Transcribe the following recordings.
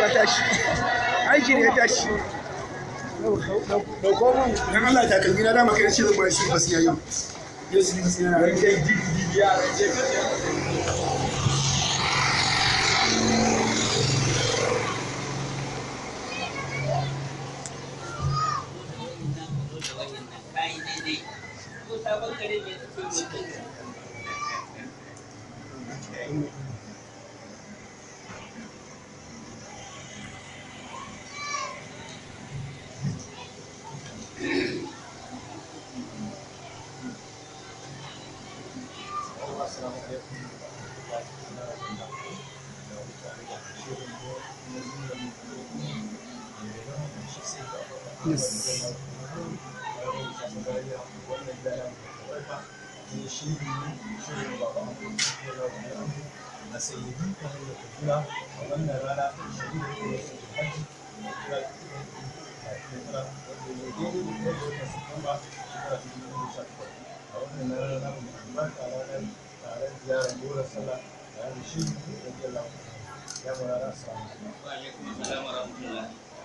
ya tashi ya tashi Allah ta na dama kai ce zan shi Thank you. yes a sayyidin kwanar wannan rana a ranar ziyarar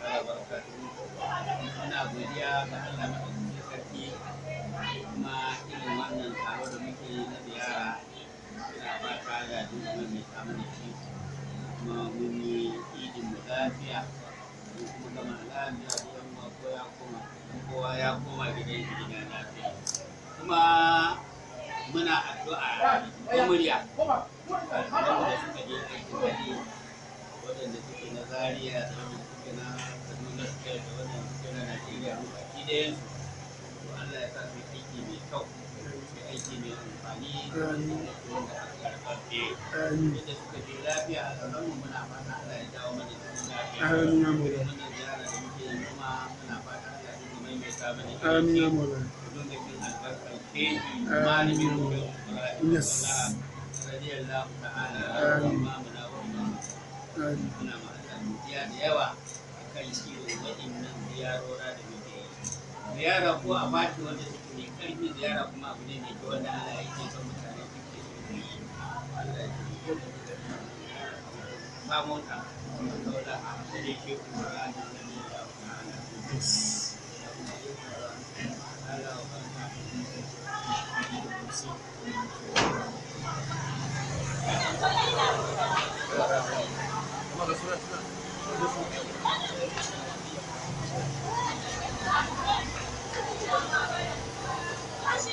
ta'ala wa barakatuhu ina godiya ga Allah madaukakin sarki kuma irin wannan taro da muke na ziyara ina ba fata ga dukkan mai samu da shi kuma mun yi idin mu lafiya mun kuma gama lafiya gidan ma ko ya koma kowa ya koma gidan shi gidan lafiya kuma muna addu'a ta murya da suka je aikin waɗanda suke na zariya da da da wannan Najeriya baki ɗayan su Allah ya sa su aiki mai kyau su aiki mai amfani da aka suka je lafiya a tsaron muna fata Allah ya dawo mana cikin lafiya wannan ziyara da muke yi kuma muna fata Allah ya da radiyallahu ta'ala da yawa kan ciwo waɗannan ziyarora da muke yi ziyara ko a baki wanda suke karfi ziyara kuma abu ne mai wanda Allah ya son mutane suke so mu yi ba mota a ke kuma da Thank Thank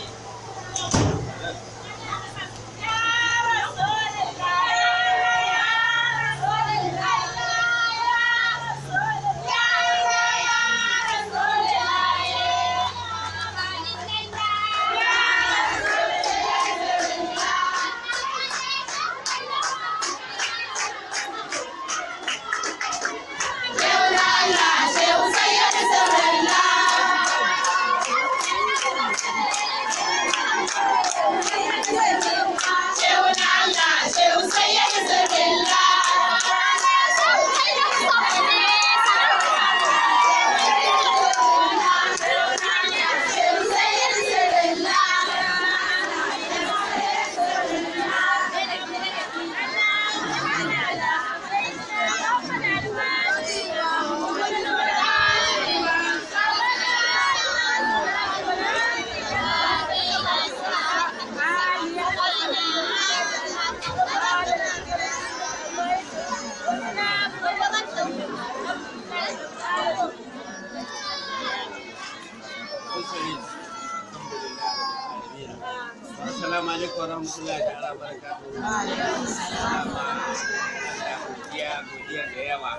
you. alaikum wa rahmatullahi ta'ala wa barakatuhu. Wa alaikum salam wa rahmatullahi godiya da yawa.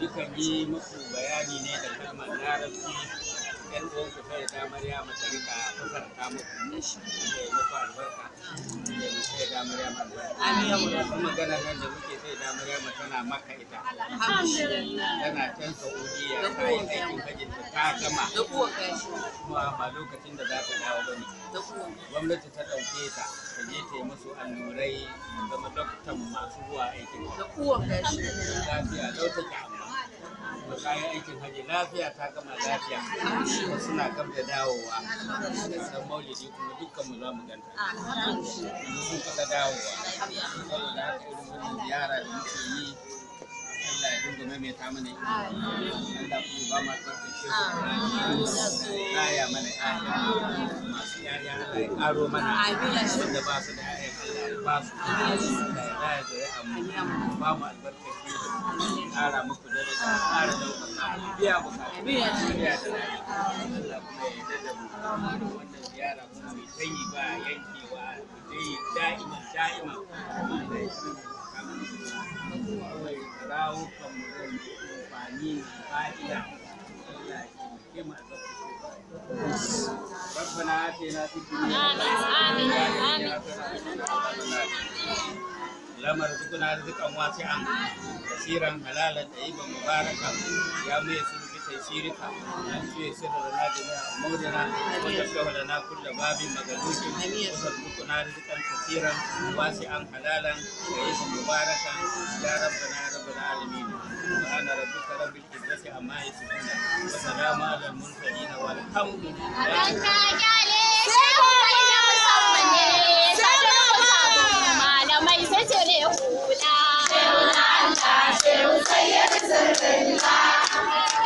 Dukan yi muku bayani ne da kalmar larabci yan uwanku sai da Maryama ta rika kusanta muku da ya muku albarka da ya sai da Maryama albarka amin kuma magana nan da muke sai da Maryama na maka ita tana can Saudiya ta yi aikin hajjin ta ta gama kuma ba lokacin da za ta dawo da ne gwamnati ta ɗauke ta ta je ta yi musu allurai zama doktan masu zuwa aikin hajji lafiya lau amma da kayan aikin hajji lafiya ta gama lafiya suna gab da dawowa da san maulidi kuma dukkan mu za mu ganta sun kusa dawowa saboda haka yara da muke yi Allah ya dinga maimaita mana ido Allah kuma ba ma tsarkake raya mana ƴaƴa masu ya mana wanda ba su da 'ya'ya ba su Allah ya raya ƙara muku ƙara da Allah da mu wannan mai sanyi ba yankewa dai da'ima da'ima kawo kamarin amfani na fa'ida Allah ke ke masu Rabba na ake na fi Amin. Lamar suku na rizikan wasu an siran halalar da iban mubarakan ya mai su rufi ta shirika na su ya sirra da na jini a maudana wata kawai na kulle babi magaluki kusan suku na rizikan ta siran wasu an halalar da iban mubarakan ya rabba na rabbil alamin subhana rabbika rabbil izzati amma yasifun wa salamun alal mursalin walhamdulillah Thank you.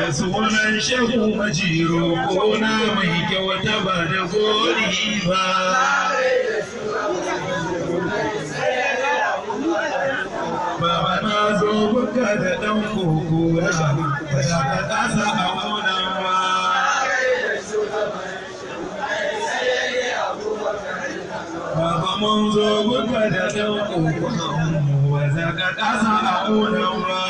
da sunan shehu majiro gona mai kyauta ba da gori ba Baba na zo buka da ɗan koko na ba ya ƙasa a gonan ba. Baba mun zo buka da ɗan koko na ba ka ƙasa a gonan ba.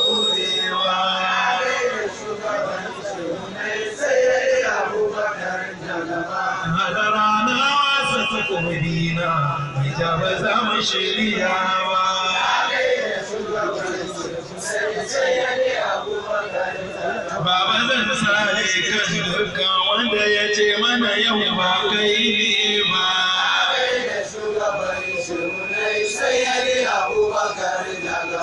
mubina mai ja ba za mu shirya ba Baba zan sare kan dukkan wanda ya ce mana yau ba kai ne ba.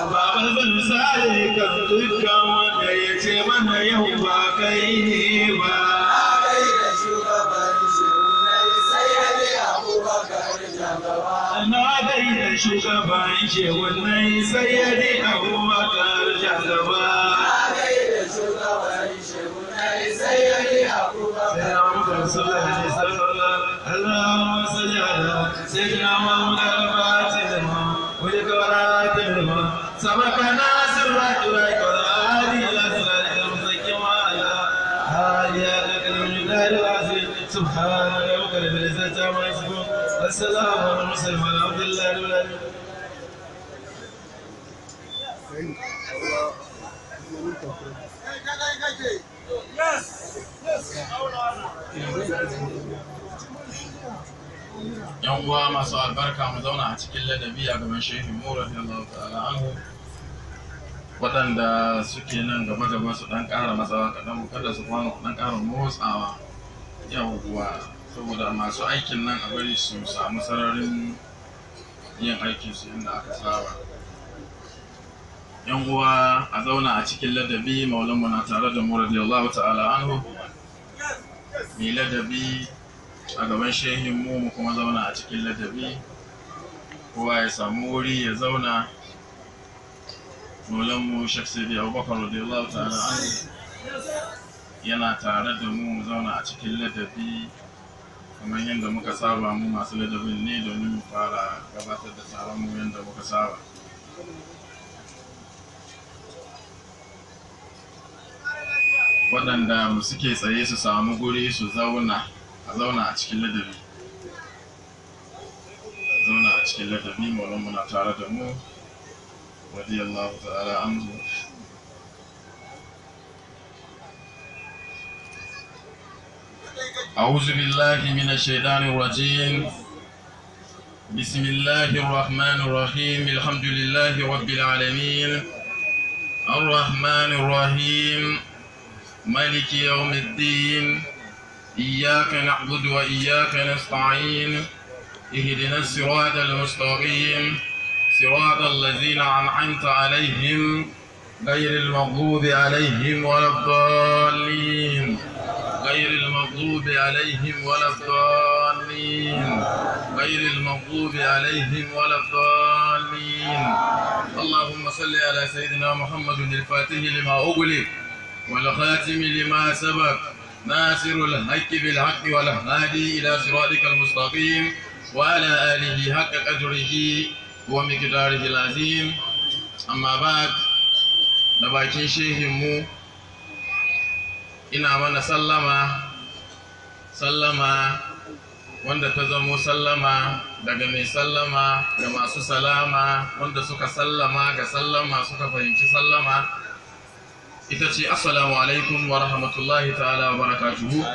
Baba zan sare kan wanda ya ce mana yau ba kai ne shugaban shehunai sai ya ne abubakar jalaba. Allahumma salli ala sallallahu Allahumma salli ala sayyidina Muhammad al-Fatih lima wa likawarat lima sabaqana sirrat wa qadari ila sirat al-mustaqim ala hadiya lakal mujadal azim subhana rabbika rabbil izzati amma yasifun wa salamun ala al-mursalin yan uwa masu albarka mu zauna a cikin ladabi a gaban shehu mu radiyallahu ta'ala anhu waɗanda suke nan gaba gaba su ɗan ƙara matsawa kaɗan kada su kwana ɗan ƙara motsawa yawwa saboda masu aikin nan a bari su samu sararin yin aikin su inda aka saba yan uwa a zauna a cikin ladabi maulanmu na tare da mu radiyallahu ta'ala anhu mai ladabi a gaban shehin mu mu kuma zauna a cikin ladabi kowa ya samu wuri ya zauna nolan mu shek sidi abubakar radiyallahu ta'ala an yana tare da mu mu zauna a cikin ladabi kamar yadda muka saba mu masu ladabin ne domin mu fara gabatar da taron mu yadda muka saba waɗanda suke tsaye su samu guri su zauna a zauna a cikin ladabi zauna a cikin ladabi muna tare da mu radiyallahu ta'ala anhu أعوذ بالله من الشيطان الرجيم بسم الله الرحمن الرحيم الحمد لله رب العالمين الرحمن الرحيم مالك يوم الدين إياك نعبد وإياك نستعين اهدنا الصراط المستقيم صراط الذين أنعمت عليهم غير المغضوب عليهم ولا الضالين غير المغضوب عليهم ولا الضالين غير المغضوب عليهم ولا الضالين اللهم صل على سيدنا محمد الفاتح لما أغلق والخاتم لما سبق ناصر الحق بالحق والهادي إلى صراطك المستقيم وعلى آله حق قدره ومقداره العظيم أما بعد لباكين شيهمو ina mana sallama sallama wanda ta zamo sallama daga mai sallama ga masu salama wanda suka sallama ga sallama suka fahimci sallama ita ce assalamu alaikum wa rahmatullahi ta'ala wa barakatuhu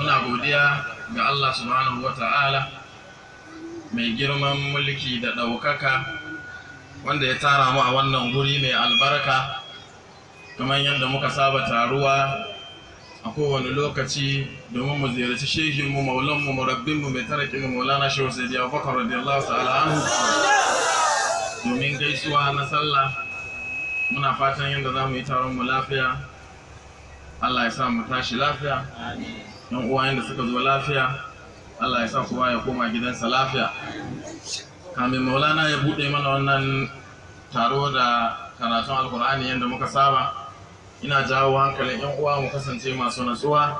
muna godiya ga Allah subhanahu wa ta'ala mai girman mulki da ɗaukaka wanda ya tara mu a wannan guri mai albarka kamar yadda muka saba taruwa a kowane lokaci domin mu ziyarci shehinmu maulanmu murabbinmu mai tarakin maulana shehu sai diya bakar radiyallahu ta'ala domin gaisuwa na sallah muna fatan yadda za mu yi taron mu lafiya Allah ya sa mu tashi lafiya yan uwa yadda suka zo lafiya Allah ya sa kowa ya koma gidansa lafiya kamin maulana ya buɗe mana wannan taro da karatun alkur'ani yadda muka saba ina jawo hankalin yan uwa mu kasance masu natsuwa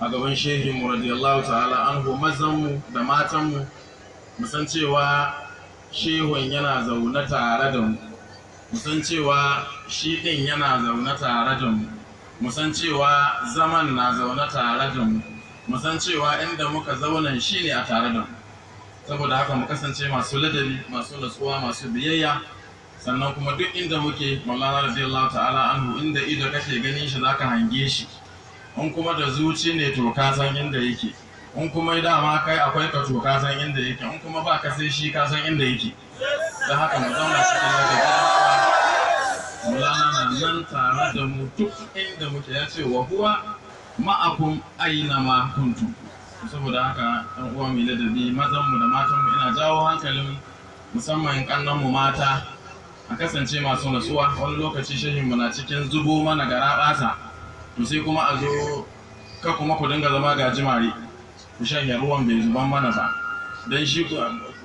a gaban shehin mu radiyallahu ta'ala An anhu mazanmu da matanmu mu san cewa shehun yana zaune tare da mu musan cewa shi ɗin yana zaune tare da mu musan cewa zaman na zaune tare da mu musan cewa inda muka zauna shi ne a tare da mu saboda haka mu kasance masu ladabi masu natsuwa masu biyayya sannan kuma duk inda muke maulana radiyallahu ta'ala anhu inda ido kake ganin shi zaka hange shi in kuma da zuci ne to ka san inda yake in kuma dama kai akwai ka to ka san inda yake in kuma ba ka sai shi ka san inda yake don haka mu zauna cikin ladabi Maulana na nan tare da mu duk inda muke ya ce wa huwa ma'akum aina ma kuntu saboda haka ɗan uwa mai ladabi mazan mu da matan mu ina jawo hankalin musamman kannan mu mata a kasance masu natsuwa wani lokaci shehin mu na cikin zubo mana gara basa to sai kuma a zo ka kuma ku dinga zama gajimare ku shanya ruwan bai zuban mana ba dan shi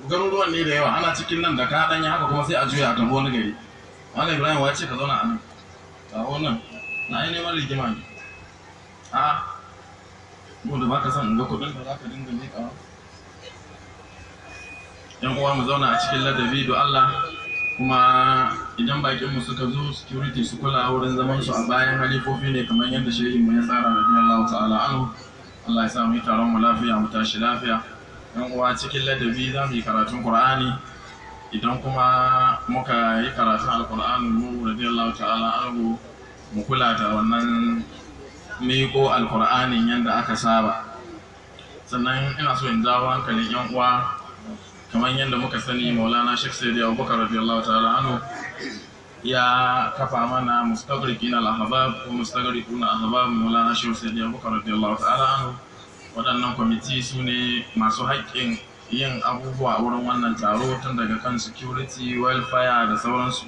garuruwan ne da yawa ana cikin nan da ka haka kuma sai a juya a tafi wani gari Malam Ibrahim wa ce ka zauna a nan. Kawo nan. Na yi neman rigima ne. A mu da baka son ga kuɗin da za ka dinga kawo Yan uwa mu zauna a cikin ladabi da Allah kuma idan bakinmu suka zo security su kula wurin zaman su a bayan halifofi ne kamar yadda mu ya tsara radiyallahu ta'ala anhu Allah ya sa mu taron mu lafiya mu tashi lafiya yan uwa cikin ladabi za mu yi karatun Qur'ani idan kuma muka yi karatun Alƙur'an mu radiyallahu ta'ala anhu mu kula da wannan miko alkur'anin yadda aka saba sannan ina so in jawo hankalin yan uwa kamar yadda muka sani maulana shek da abubakar radiyallahu ta'ala anhu ya kafa mana mustagrikin al-ahbab ko mustagrikuna ahbab maulana shek da abubakar radiyallahu ta'ala anhu waɗannan kwamiti su ne masu haƙƙin yin abubuwa a wurin wannan taro tun daga kan security wildfire da sauransu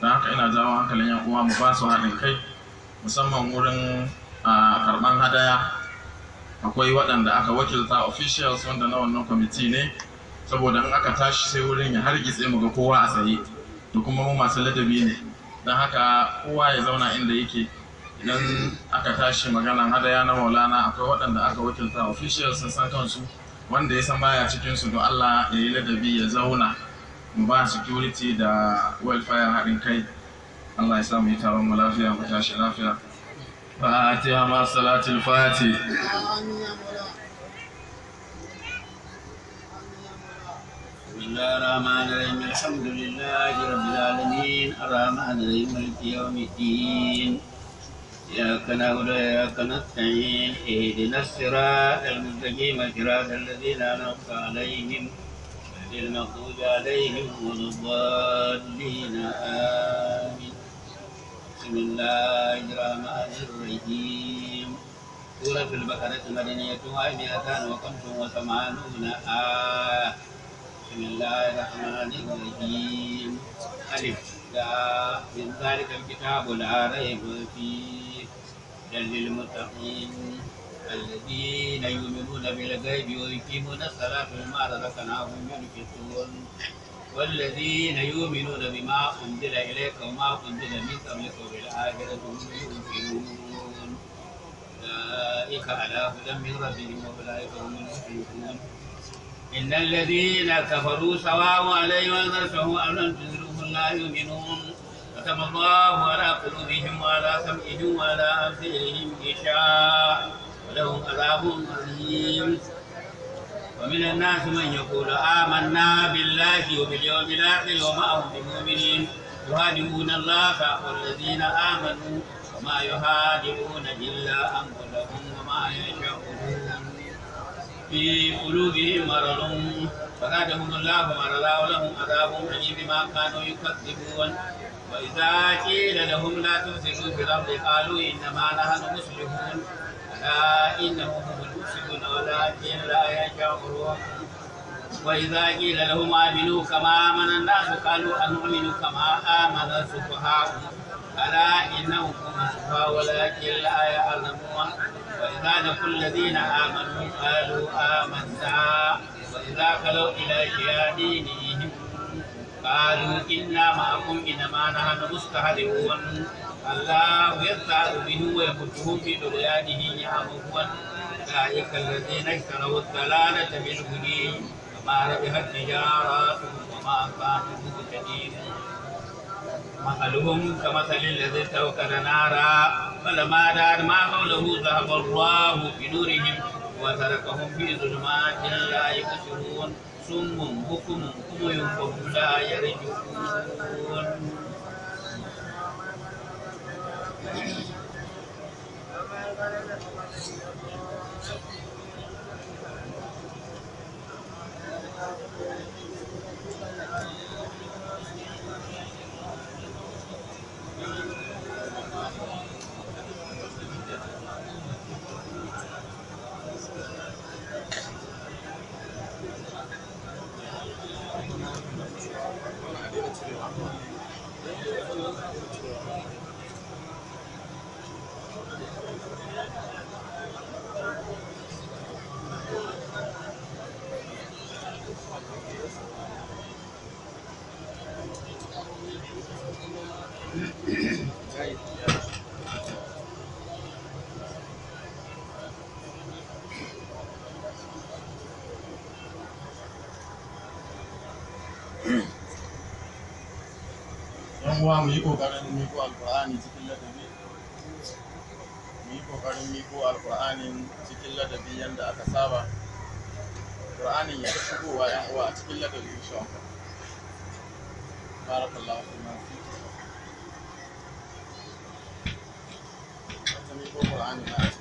don haka ina jawo hankalin yan uwa mu basu haɗin kai musamman wurin karɓan hadaya akwai waɗanda aka wakilta officials wanda na wannan kwamiti ne saboda in aka tashi sai wurin ya hargitse mu ga kowa a tsaye da kuma mu masu ladabi ne don haka kowa ya zauna inda yake idan aka tashi maganan hadaya na maulana akwai waɗanda aka wakilta officials sun san kansu wanda ya san baya cikin su don Allah ya yi ladabi ya zauna mu ba security da welfare haɗin kai Allah ya sa mu yi taron mu lafiya mu tashi lafiya fatiha ma salatul fati بسم الله الرحمن الرحيم الحمد لله رب العالمين الرحمن الرحيم إياك نعبد وإياك نستعين اهدنا الصراط المستقيم صراط الذين أنعمت عليهم غير المغضوب عليهم ولا الضالين آمين بسم الله الرحمن الرحيم سورة البقرة المدنية مدنيتها 285 آية بسم الله الرحمن الرحيم ألف لا من ذلك الكتاب لا ريب فيه هدى للمتقين الذين يؤمنون بالغيب ويقيمون الصلاة مما رزقناهم ينفقون والذين يؤمنون بما أنزل إليك وما أنزل من قبلك وبالآخرة هم يوقنون أولئك على هدى من ربهم وأولئك هم المفلحون إن الذين كفروا سواء عليهم أنذرتهم أم لم تنذروا لا يؤمنون ختم الله على قلوبهم وعلى سمعهم وعلى أبصارهم غشاء ولهم عذاب عظيم ومن الناس من يقول آمنا بالله وباليوم الآخر وما هم بمؤمنين يهادئون الله والذين آمنوا وما يهادئون إلا أنفسهم وما يشاءون في قلوبهم مرض فأخذهم الله ورضاه لهم عذاب أليم بما كانوا يكذبون وإذا قيل لهم لا تفسدوا في الأرض قالوا إنما نحن مصلحون ألا إنهم هم المفسدون ولكن لا يشعرون وإذا قيل لهم آمنوا كما آمن الناس قالوا أنؤمن كما آمن السفهاء ألا إنهم هم السفهاء ولكن لا يعلمون وإذا لقوا الذين آمنوا قالوا آمنا dakhalu ila jiyadihi qalu inna ma hum inma nahnu mustahdiun allahu yataru bihi wa yakutuhu bi dunyadihi yahuwan dalikal ladina karawat dalalata min hudi ma rabbihat tijarat wa ma qatu tajir مثلهم كمثل الذي استوقد نارا فلما دار ما حوله ذهب الله بنورهم وتركهم في ظلمات لا يبصرون سم بكم عمي فهم لا يرجعون Thank you. yan uwa mu yi kokarin miko alkur'ani cikin ladabi mu yi kokarin miko alkur'ani cikin ladabi yadda aka saba alkur'ani ya ta shigowa yan uwa a cikin ladabi insha Allah barakallahu fi ta miko alkur'ani na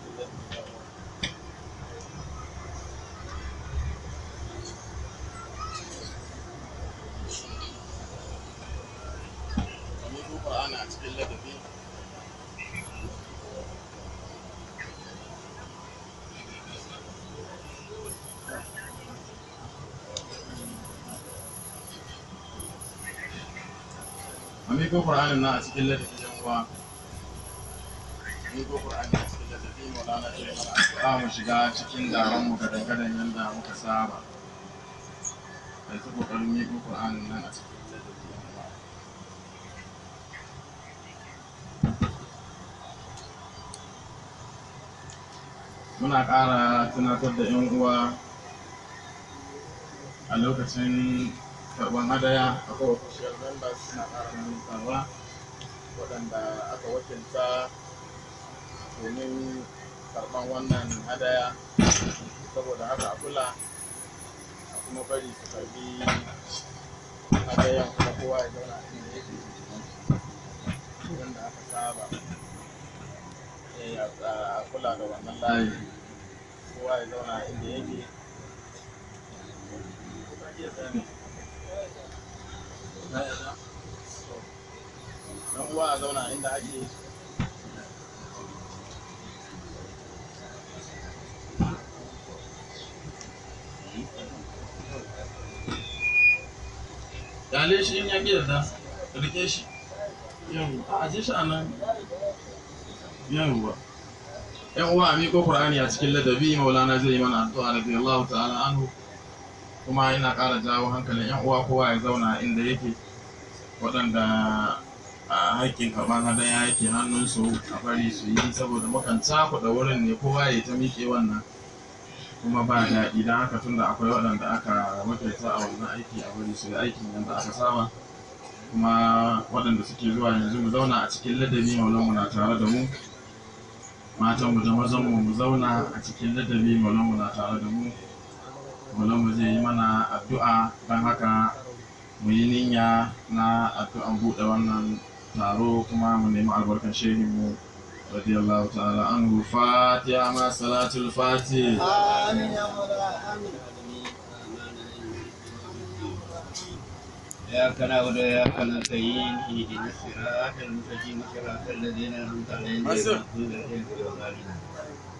a miko na a cikin ladabi yan uwa miko ƙur'anin a cikin ladabi na ce za mu shiga cikin daren mu ga dangadan yanda muka saba kai ta ƙoƙarin miko ƙur'anin nan a cikin ladabi yan uwa muna ƙara tunatar da yan uwa a lokacin karban hadaya akwai official members na ƙaramin tsawa waɗanda aka wakilta domin karban wannan hadaya saboda haka a kula a kuma bari su karbi hadayan kuma kowa ya zauna inda yake wanda aka saba eh, a kula da wannan layi kowa ya zauna inda yake Thank dan uwa a zauna inda ake Dale shi in ya ƙi yarda, rike shi. Yawwa, a aje shi a nan. Yawwa. ‘Yan uwa a miƙo Kur'ani a cikin ladabi, Maulana zai yi mana addu'a da radiyallahu ta'ala anhu. kuma yana ƙara jawo hankalin yan uwa kowa ya zauna inda yake waɗanda a haƙƙin karɓar hadaya yake hannunsu a bari su yi saboda mukan cakuɗa wurin ne kowa ya ta miƙe wannan kuma ba daɗi don haka tunda akwai waɗanda aka makaita a wannan aiki a bari su yi aikin yadda aka saba kuma waɗanda suke zuwa yanzu mu zauna a cikin ladabi mu na tare da mu matan mu da mazan mu zauna a cikin ladabi mu na tare da mu malambu zai yi mana addu'a don haka mu yi niyya na addu'an buɗe wannan taro kuma mu nemi albarkan shehinmu رضي الله تعالى عنه فاتحة مع صلاة الفاتح آمين يا آمين يا يا الصراط المستقيم صراط الذين أنعمت عليهم غير المغضوب عليهم ولا الضالين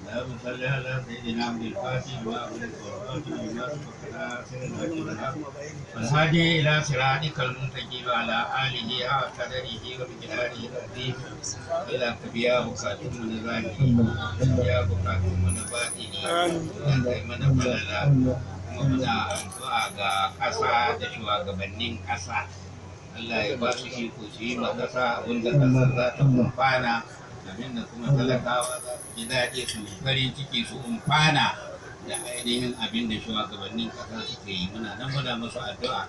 اللهم صل على سيدنا عبد الفاتح وعبد الفاتح لما سبقنا سنة والهادي إلى صراطك المنتجب على آله وقدره ومقداره العظيم إلى كبيا بكاتم ونباتي يا بكاتم ونباتي يا من فلنا muna addu'a ga ƙasa da shugabannin ƙasa Allah ya ba su iko su yi ma ƙasa abinda ƙasar za ta kumfana domin da suna talakawa za su ji daɗi su farin ciki su umfana da ainihin abin da shugabannin ƙasa suke yi muna nan muna musu addu'a